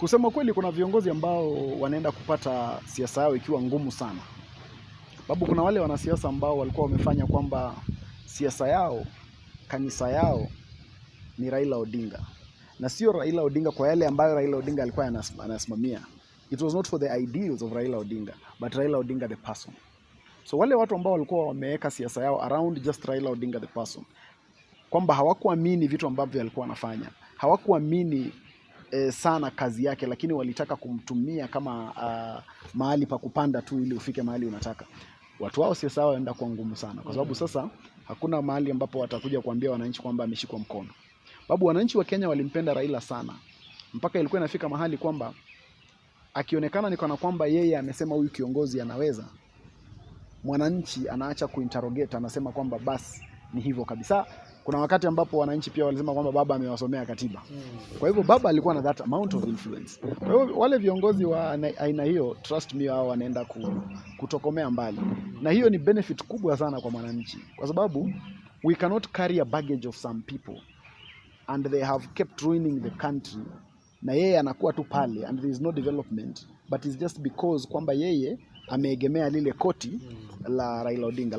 Kusema kweli, kuna viongozi ambao wanaenda kupata siasa yao ikiwa ngumu sana, sababu kuna wale wanasiasa ambao walikuwa wamefanya kwamba siasa yao, kanisa yao ni Raila Odinga na sio Raila Odinga kwa yale ambayo Raila Odinga alikuwa anasimamia. It was not for the ideals of Raila Odinga but Raila Odinga the person. So wale watu ambao walikuwa wameweka siasa yao around just Raila Odinga the person, kwamba hawakuamini vitu ambavyo alikuwa anafanya, hawakuamini e, sana kazi yake, lakini walitaka kumtumia kama a, ah, mahali pa kupanda tu ili ufike mahali unataka. Watu wao sio sawa, waenda kwa ngumu sana, kwa sababu sasa hakuna mahali ambapo watakuja kuambia wananchi kwamba ameshikwa mkono. Babu, wananchi wa Kenya walimpenda Raila sana, mpaka ilikuwa inafika mahali kwamba akionekana ni kana kwamba yeye amesema huyu kiongozi anaweza, mwananchi anaacha kuinterrogate, anasema kwamba basi ni hivyo kabisa, kuna wakati ambapo wananchi pia walisema kwamba baba amewasomea katiba. Kwa hivyo baba alikuwa na that amount of influence. Kwa hivyo wale viongozi wa aina hiyo, trust me, hao wanaenda kutokomea mbali, na hiyo ni benefit kubwa sana kwa mwananchi, kwa sababu we cannot carry a baggage of some people and they have kept ruining the country, na yeye anakuwa tu pale and there is no development but it's just because kwamba yeye ameegemea lile koti la Raila Odinga.